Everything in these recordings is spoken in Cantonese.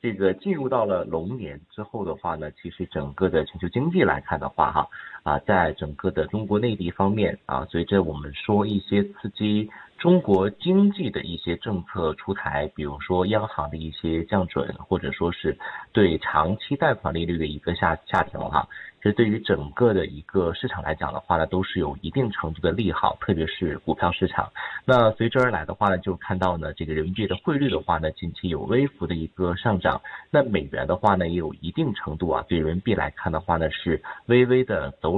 這個進入到了龍年之後的話呢，其實整個的全球經濟來看的話，哈。啊，在整個的中國內地方面啊，隨着我們說一些刺激中國經濟的一些政策出台，比如說央行的一些降準，或者說是對長期貸款利率的一個下下調哈，啊，這對於整個的一個市場來講的話呢，都是有一定程度的利好，特別是股票市場。那隨之而來的話呢，就看到呢這個人民幣的匯率的話呢，近期有微幅的一個上漲。那美元的話呢，也有一定程度啊，對人民幣來看的話呢，是微微的走。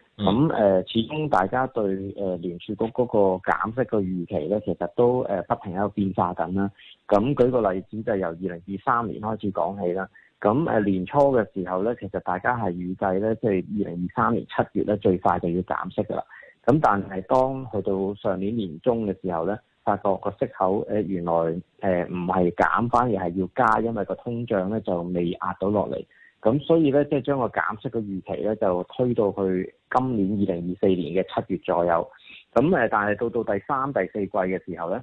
咁誒、呃，始終大家對誒聯儲局嗰個減息嘅預期咧，其實都、呃、不停喺度變化緊啦。咁、啊、舉個例子，就由二零二三年開始講起啦。咁、啊啊、年初嘅時候咧，其實大家係預計咧，即係二零二三年七月咧最快就要減息噶啦。咁、啊、但係當去到上年年中嘅時候咧，發覺個息口、呃、原來誒唔係減返，而係要加，因為個通脹咧就未壓到落嚟。咁所以咧，即係將個減息嘅預期咧，就推到去今年二零二四年嘅七月左右。咁誒，但係到到第三、第四季嘅時候咧，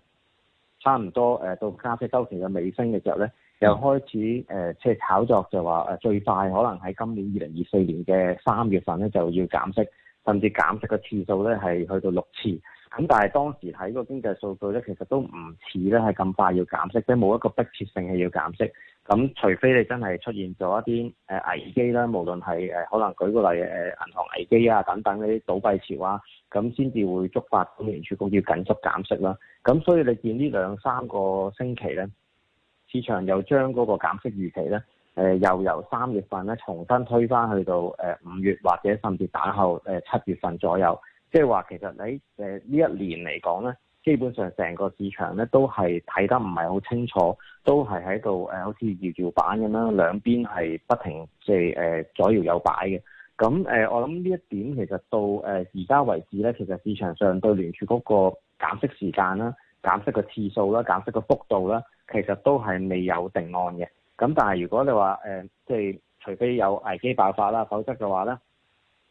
差唔多誒到加息周期嘅尾聲嘅時候咧，又開始誒即係炒作就，就話誒最快可能喺今年二零二四年嘅三月份咧就要減息，甚至減息嘅次數咧係去到六次。咁但係當時睇個經濟數據咧，其實都唔似咧係咁快要減息，即係冇一個迫切性係要減息。咁除非你真係出現咗一啲誒危機啦，無論係誒可能舉個例誒銀行危機啊等等嗰啲倒閉潮啊，咁先至會觸發聯儲局要緊縮減息啦。咁所以你見呢兩三個星期咧，市場又將嗰個減息預期咧，誒、呃、又由三月份咧重新推返去到誒五月或者甚至打後誒七月份左右。即係話，其實喺誒呢一年嚟講咧，基本上成個市場咧都係睇得唔係好清楚，都係喺度誒，好似搖搖板咁啦，兩邊係不停即係誒左搖右擺嘅。咁誒、呃，我諗呢一點其實到誒而家為止咧，其實市場上對聯儲嗰個減息時間啦、減息嘅次數啦、減息嘅幅度啦，其實都係未有定案嘅。咁但係如果你話誒，即、呃、係、就是、除非有危機爆發啦，否則嘅話咧，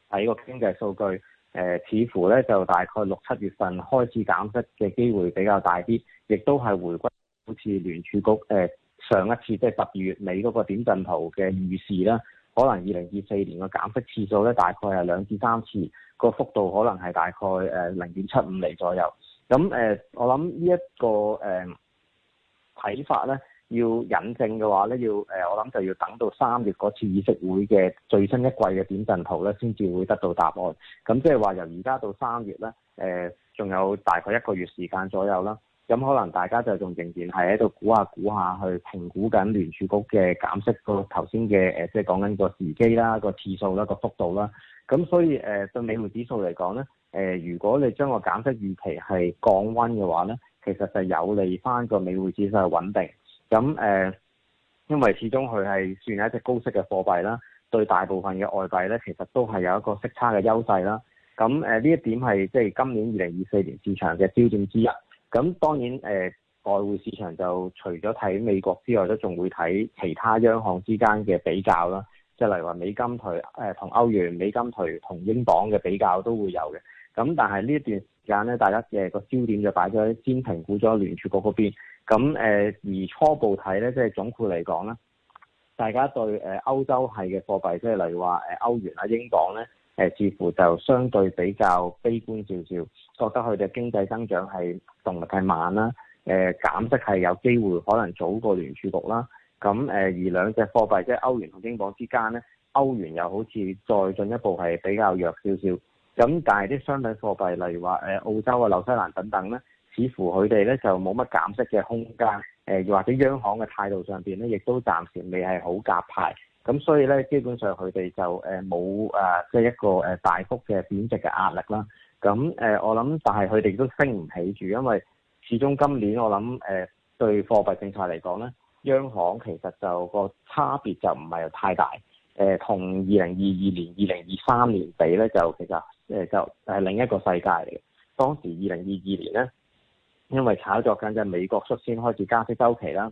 喺個經濟數據。誒、呃、似乎咧就大概六七月份開始減息嘅機會比較大啲，亦都係回歸好似聯儲局誒、呃、上一次即係十二月尾嗰個點陣圖嘅預示啦，可能二零二四年個減息次數咧大概係兩至三次，個幅度可能係大概誒零點七五厘左右。咁誒、呃，我諗呢一個誒睇、呃、法咧。要引證嘅話咧，要誒，我諗就要等到三月嗰次議息會嘅最新一季嘅點陣圖咧，先至會得到答案。咁即係話由而家到三月咧，誒，仲有大概一個月時間左右啦。咁可能大家就仲仍然係喺度估下估下去評估緊聯儲局嘅減息個頭先嘅誒，即係講緊個時機啦、個次數啦、個幅度啦。咁所以誒，對美匯指數嚟講咧，誒，如果你將個減息預期係降溫嘅話咧，其實就有利翻個美匯指數係穩定。咁誒、呃，因為始終佢係算係一隻高息嘅貨幣啦，對大部分嘅外幣咧，其實都係有一個息差嘅優勢啦。咁誒呢一點係即係今年二零二四年市場嘅焦點之一。咁當然誒、呃，外匯市場就除咗睇美國之外，都仲會睇其他央行之間嘅比較啦。即係例如話美金兌誒同歐元、美金兌同英鎊嘅比較都會有嘅。咁但係呢一段時間咧，大家嘅個焦點就擺咗喺先評估咗聯儲局嗰邊。咁誒，而初步睇咧，即係總括嚟講咧，大家對誒歐洲系嘅貨幣，即係例如話誒歐元啊、英鎊咧，誒似乎就相對比較悲觀少少，覺得佢哋經濟增長係動力太慢啦，誒減息係有機會可能早過聯儲局啦。咁誒，而兩隻貨幣即係歐元同英鎊之間咧，歐元又好似再進一步係比較弱少少。咁但係啲商品貨幣，例如話誒澳洲啊、紐西蘭等等咧。似乎佢哋咧就冇乜減息嘅空間，又、呃、或者央行嘅態度上邊咧，亦都暫時未係好鴿派。咁所以咧，基本上佢哋就誒冇啊，即係一個誒大幅嘅貶值嘅壓力啦。咁誒、呃，我諗但係佢哋都升唔起住，因為始終今年我諗誒、呃、對貨幣政策嚟講咧，央行其實就個差別就唔係太大，誒、呃，同二零二二年、二零二三年比咧，就其實誒、呃、就係、是、另一個世界嚟嘅。當時二零二二年咧。因為炒作緊就美國率先開始加息周期啦，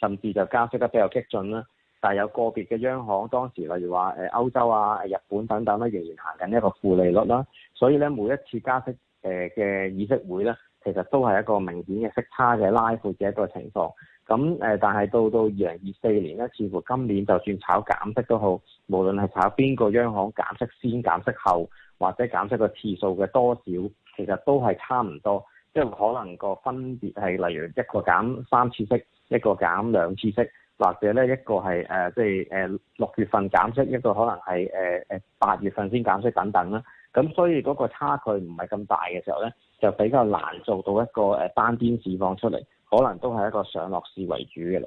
甚至就加息得比較激進啦。但係有個別嘅央行當時，例如話誒歐洲啊、日本等等啦，仍然行緊一個負利率啦。所以咧，每一次加息誒嘅議息會咧，其實都係一個明顯嘅息差嘅拉闊嘅一個情況。咁誒，但係到到二零二四年咧，似乎今年就算炒減息都好，無論係炒邊個央行減息先，先、減息後，或者減息嘅次數嘅多少，其實都係差唔多。即係可能個分別係，例如一個減三次息，一個減兩次息，或者咧一個係誒、呃，即係誒、呃、六月份減息，一個可能係誒、呃、八月份先減息等等啦。咁所以嗰個差距唔係咁大嘅時候咧，就比較難做到一個誒單邊釋放出嚟，可能都係一個上落市為主嘅嚟。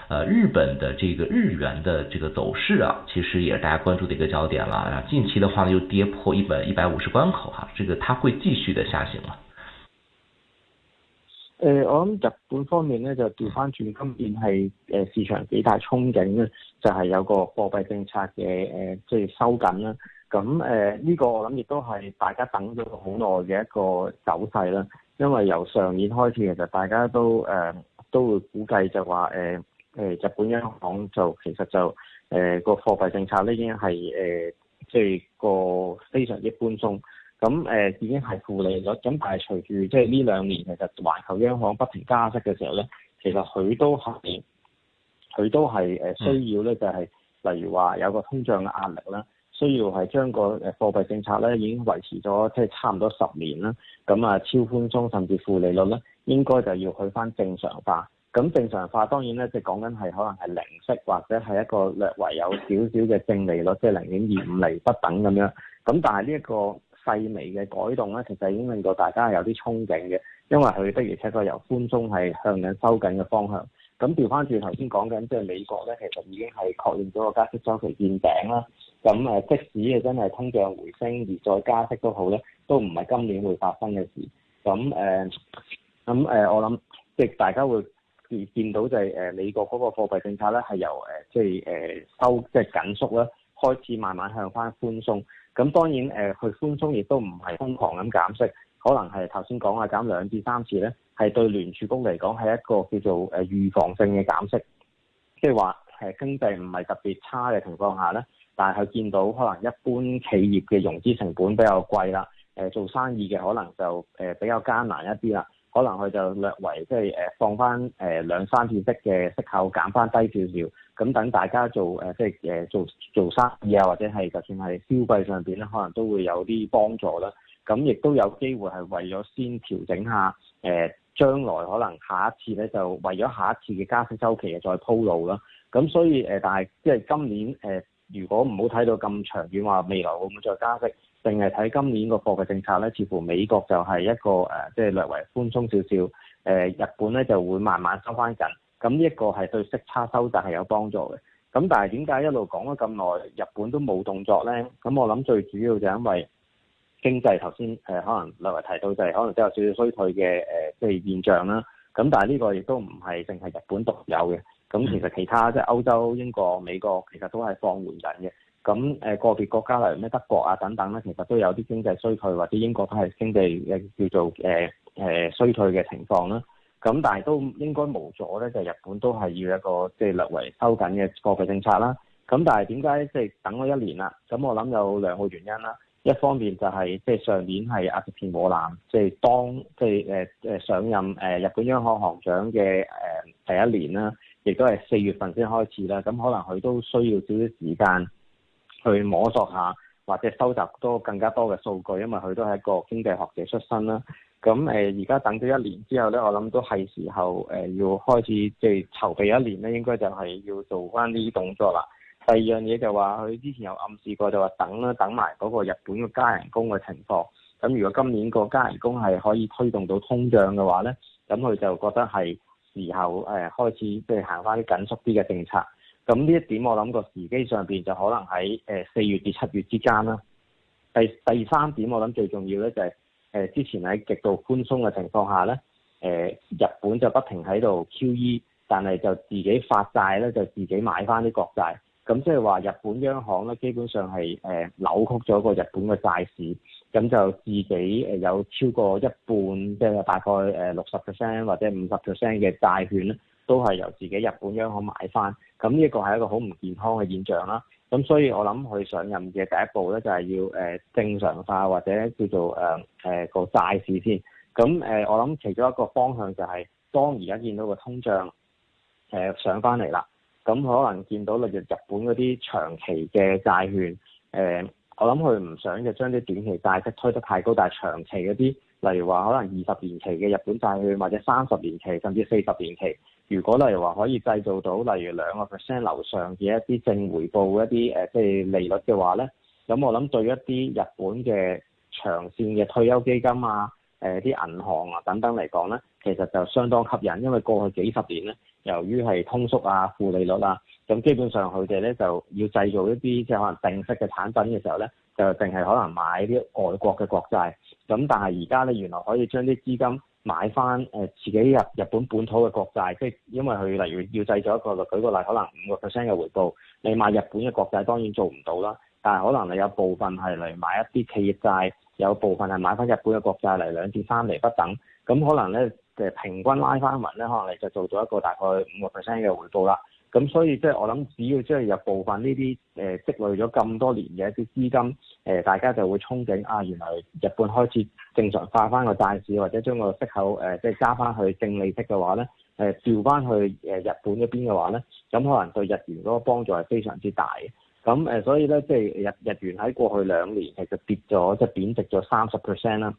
呃、日本的這個日元的這個走勢啊，其實也是大家關注的一個焦點了。近期的話呢，又跌破一百一百五十關口，啊，哈，這個它會繼續的下行了，啊。誒、呃，我諗日本方面呢，就調翻轉，今年係誒市場幾大憧憬，咧，就係、是、有個貨幣政策嘅誒即係收緊啦。咁誒呢個我諗亦都係大家等咗好耐嘅一個走勢啦。因為由上年開始，其實大家都誒、呃、都會估計就話誒。呃誒日本央行就其實就誒個、呃、貨幣政策咧已經係誒即係個非常之寬鬆，咁誒、呃、已經係負利率。咁但係隨住即係呢兩年其實環球央行不停加息嘅時候咧，其實佢都係佢都係誒需要咧就係、是嗯、例如話有個通脹嘅壓力啦，需要係將個誒貨幣政策咧已經維持咗即係差唔多十年啦，咁啊超寬鬆甚至負利率咧，應該就要去翻正常化。咁正常化當然咧，即係講緊係可能係零息，或者係一個略為有少少嘅正利率，即係零點二五厘不等咁樣。咁但係呢一個細微嘅改動咧，其實已經令到大家有啲憧憬嘅，因為佢的而且確由寬鬆係向緊收緊嘅方向。咁調翻轉頭先講緊，即係美國咧，其實已經係確認咗個加息周期見頂啦。咁即使誒真係通脹回升而再加息都好咧，都唔係今年會發生嘅事。咁誒、咁誒、我諗即係大家會。見到就係美國嗰個貨幣政策咧，係由誒即係收即係緊縮啦，開始慢慢向翻寬鬆。咁當然誒佢寬鬆亦都唔係瘋狂咁減息，可能係頭先講啊減兩至三次呢，係對聯儲局嚟講係一個叫做誒預防性嘅減息，即係話誒經濟唔係特別差嘅情況下呢，但係佢見到可能一般企業嘅融資成本比較貴啦，誒做生意嘅可能就誒比較艱難一啲啦。可能佢就略為即係誒放翻誒兩三次的息嘅息口減翻低少少，咁等大家做誒即係誒做做生意啊，或者係就算係消費上邊咧，可能都會有啲幫助啦。咁亦都有機會係為咗先調整一下誒，將來可能下一次咧就為咗下一次嘅加息週期嘅再鋪路啦。咁所以誒，但係即係今年誒，如果唔好睇到咁長遠話，未來會唔會再加息？淨係睇今年個貨幣政策咧，似乎美國就係一個誒，即、呃、係、就是、略為寬鬆少少。誒、呃、日本咧就會慢慢收翻緊。咁呢一個係對息差收窄係有幫助嘅。咁但係點解一路講咗咁耐，日本都冇動作咧？咁我諗最主要就係因為經濟頭先誒可能略為提到就係、是、可能都有少少衰退嘅誒即係現象啦。咁但係呢個亦都唔係淨係日本獨有嘅。咁其實其他即係、就是、歐洲、英國、美國其實都係放緩緊嘅。咁、那、誒個別國家例如咩德國啊等等咧，其實都有啲經濟衰退，或者英國都係經濟嘅叫做誒誒、呃、衰退嘅情況啦。咁但係都應該無咗咧，就日本都係要一個即係略為收緊嘅貨幣政策啦。咁但係點解即係等咗一年啦？咁我諗有兩個原因啦。一方面就係、是、即係上年係植田和男，即係當即係誒誒上任誒日本央行行長嘅誒、呃、第一年啦，亦都係四月份先開始啦。咁可能佢都需要少少時間。去摸索下，或者收集多更加多嘅數據，因為佢都係一個經濟學者出身啦。咁誒，而、呃、家等咗一年之後咧，我諗都係時候誒、呃，要開始即係、就是、籌備一年咧，應該就係要做翻啲動作啦。第二樣嘢就話，佢之前有暗示過，就話等啦，等埋嗰個日本嘅加人工嘅情況。咁如果今年個加人工係可以推動到通脹嘅話咧，咁佢就覺得係時候誒、呃、開始即係行翻啲緊縮啲嘅政策。咁呢一點我諗個時機上面就可能喺四月至七月之間啦。第第三點我諗最重要咧，就係之前喺極度寬鬆嘅情況下咧，日本就不停喺度 QE，但係就自己發債咧就自己買翻啲國債。咁即係話日本央行咧基本上係扭曲咗個日本嘅債市，咁就自己有超過一半，即係大概誒六十 percent 或者五十 percent 嘅債券咧，都係由自己日本央行買翻，咁呢一個係一個好唔健康嘅現象啦。咁所以我諗佢上任嘅第一步咧，就係要正常化或者叫做誒、呃、個債市先。咁、呃、我諗其中一個方向就係、是、當而家見到個通脹、呃、上翻嚟啦，咁可能見到例如日本嗰啲長期嘅債券、呃、我諗佢唔想就將啲短期債息推得太高，但係長期嗰啲，例如話可能二十年期嘅日本債券或者三十年期甚至四十年期。如果例如話可以製造到例如兩個 percent 樓上嘅一啲正回報，一啲誒即係利率嘅話咧，咁我諗對一啲日本嘅長線嘅退休基金啊、誒啲銀行啊等等嚟講咧，其實就相當吸引，因為過去幾十年咧，由於係通縮啊、負利率啊，咁基本上佢哋咧就要製造一啲即係可能定息嘅產品嘅時候咧，就淨係可能買啲外國嘅國債。咁但係而家咧，原來可以將啲資金。買翻誒自己日日本本土嘅國債，即係因為佢例如要製造一個，舉個例，可能五個 percent 嘅回報，你買日本嘅國債當然做唔到啦，但係可能你有部分係嚟買一啲企業債，有部分係買翻日本嘅國債嚟兩至三厘不等，咁可能咧平均拉翻勻咧，可能你就做到一個大概五個 percent 嘅回報啦。咁所以即係我諗，只要即係有部分呢啲誒積累咗咁多年嘅一啲資金，誒、呃、大家就會憧憬啊，原來日本開始正常化翻個債市，或者將個息口誒、呃、即係加翻去正利息嘅話咧，誒、呃、調翻去誒日本嗰邊嘅話咧，咁可能對日元嗰個幫助係非常之大嘅。咁誒、呃、所以咧，即、就、係、是、日日元喺過去兩年其實跌咗，即、就、係、是、貶值咗三十 percent 啦，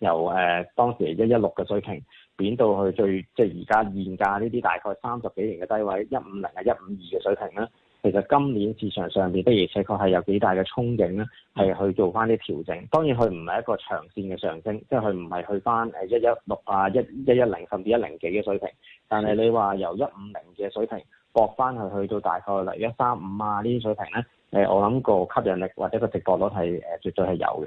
由誒、呃、當時一一六嘅水平。跌到去最即係而家現價呢啲大概三十幾年嘅低位，一五零啊一五二嘅水平咧，其實今年市場上面的而且確係有幾大嘅憧憬咧，係去做翻啲調整。當然佢唔係一個長線嘅上升，即係佢唔係去翻誒一一六啊一一一零甚至一零幾嘅水平。但係你話由一五零嘅水平搏翻去去到大概嚟一三五啊呢啲水平咧，誒我諗個吸引力或者個值博率係誒絕對係有嘅。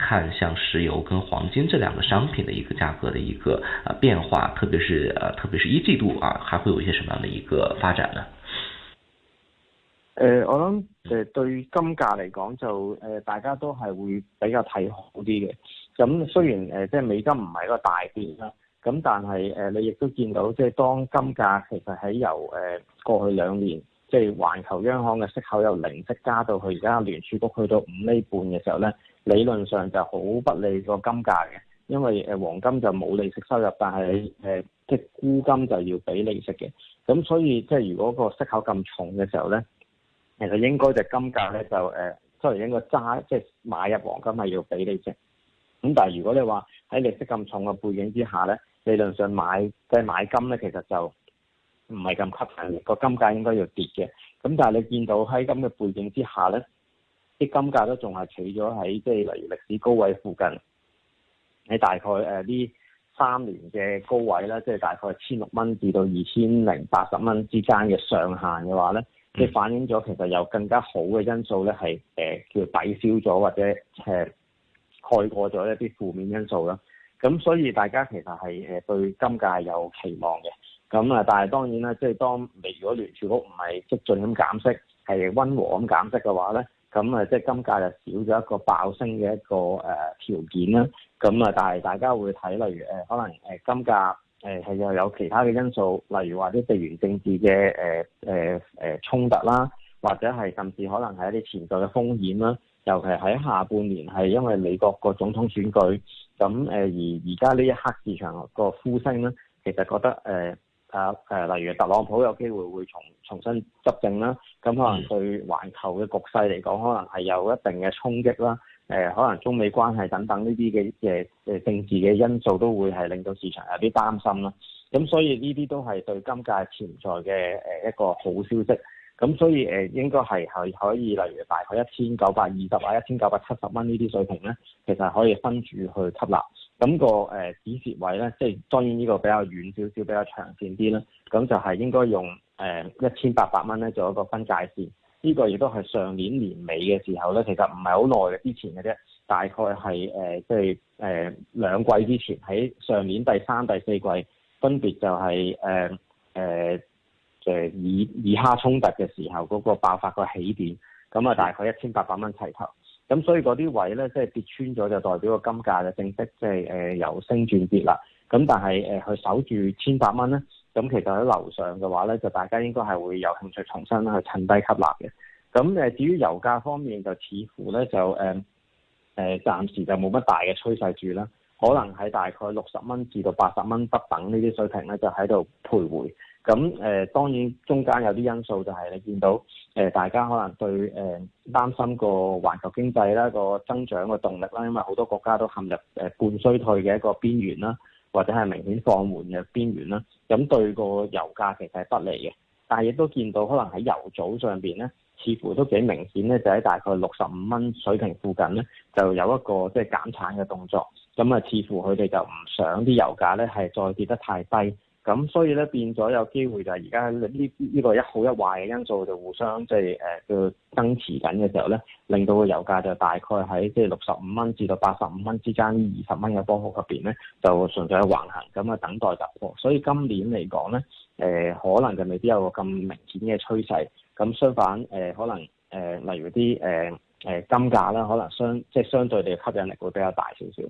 看像石油跟黃金這兩個商品的一個價格的一個啊變化，特別是特別是一季度啊，還會有一些什麼樣的一個發展呢？誒、呃，我諗，誒，對金價嚟講，就誒、呃，大家都係會比較睇好啲嘅。咁雖然誒，即、呃、係美金唔係一個大變啦，咁但係誒、呃，你亦都見到即係當金價其實喺由誒、呃、過去兩年。即係環球央行嘅息口由零息加到去而家聯儲局去到五厘半嘅時候咧，理論上就好不利個金價嘅，因為誒黃金就冇利息收入，但係誒即係沽金就要俾利息嘅，咁所以即係如果個息口咁重嘅時候咧，其實應該就金價咧就誒都係應該揸即係買入黃金係要俾利息，咁但係如果你話喺利息咁重嘅背景之下咧，理論上買即係買金咧其實就～唔係咁吸引嘅，個金價應該要跌嘅。咁但係你見到喺咁嘅背景之下咧，啲金價都仲係企咗喺即係例如歷史高位附近。喺大概誒呢三年嘅高位啦，即係大概千六蚊至到二千零八十蚊之間嘅上限嘅話咧，即、嗯、係反映咗其實有更加好嘅因素咧，係誒叫抵消咗或者誒蓋過咗一啲負面因素啦。咁所以大家其實係誒對金價有期望嘅。咁啊，但係當然啦，即係當未如果聯儲局唔係積極咁減息，係溫和咁減息嘅話咧，咁啊，即係金價就少咗一個爆升嘅一個誒條件啦。咁啊，但係大家會睇例如可能誒金價係又有其他嘅因素，例如話啲地緣政治嘅誒誒衝突啦，或者係甚至可能係一啲潛在嘅風險啦。尤其喺下半年係因為美國個總統選舉，咁而而家呢一刻市場個呼聲咧，其實覺得誒。啊誒例如特朗普有機會會重重新執政啦，咁可能對環球嘅局勢嚟講，可能係有一定嘅衝擊啦、呃。可能中美關係等等呢啲嘅政治嘅因素，都會係令到市場有啲擔心啦。咁所以呢啲都係對今屆潛在嘅一個好消息。咁所以誒，應該係係可以，例如大概一千九百二十或一千九百七十蚊呢啲水平咧，其實可以分住去吸納。咁、個誒止蝕位咧，即係當然呢個比較遠少少，比較長線啲啦。咁就係應該用誒一千八百蚊咧做一個分界線。呢、個亦都係上年年尾嘅時候咧，其實唔係好耐之前嘅啫，大概係誒即係誒兩季之前，喺上年第三、第四季分別就係誒誒誒以以哈衝突嘅時候嗰個爆發個起點。咁啊，大概一千八百蚊齊頭。咁所以嗰啲位咧，即係跌穿咗，就代表個金價就正式即係誒由升轉跌啦。咁但係誒佢守住千八蚊咧，咁其實喺樓上嘅話咧，就大家應該係會有興趣重新去趁低吸納嘅。咁誒、呃、至於油價方面，就似乎咧就誒誒、呃呃、暫時就冇乜大嘅趨勢住啦，可能喺大概六十蚊至到八十蚊不等呢啲水平咧，就喺度徘徊。咁誒、呃、當然中間有啲因素就係你見到誒、呃、大家可能對誒、呃、擔心個環球經濟啦個增長嘅動力啦，因為好多國家都陷入誒、呃、半衰退嘅一個邊緣啦，或者係明顯放緩嘅邊緣啦。咁對個油價其實係不利嘅，但係亦都見到可能喺油組上邊咧，似乎都幾明顯咧，就喺大概六十五蚊水平附近咧，就有一個即係、就是、減產嘅動作。咁啊，似乎佢哋就唔想啲油價咧係再跌得太低。咁所以咧，變咗有機會就係而家呢，呢個一好一壞嘅因素就互相即係誒叫增持緊嘅時候咧，令到個油價就大概喺即係六十五蚊至到八十五蚊之間二十蚊嘅波幅入邊咧，就純粹喺橫行咁，啊等待突破。所以今年嚟講咧，誒、呃、可能就未必有個咁明顯嘅趨勢。咁相反誒、呃，可能誒、呃、例如啲誒誒金價啦，可能相即係相對地吸引力會比較大少少。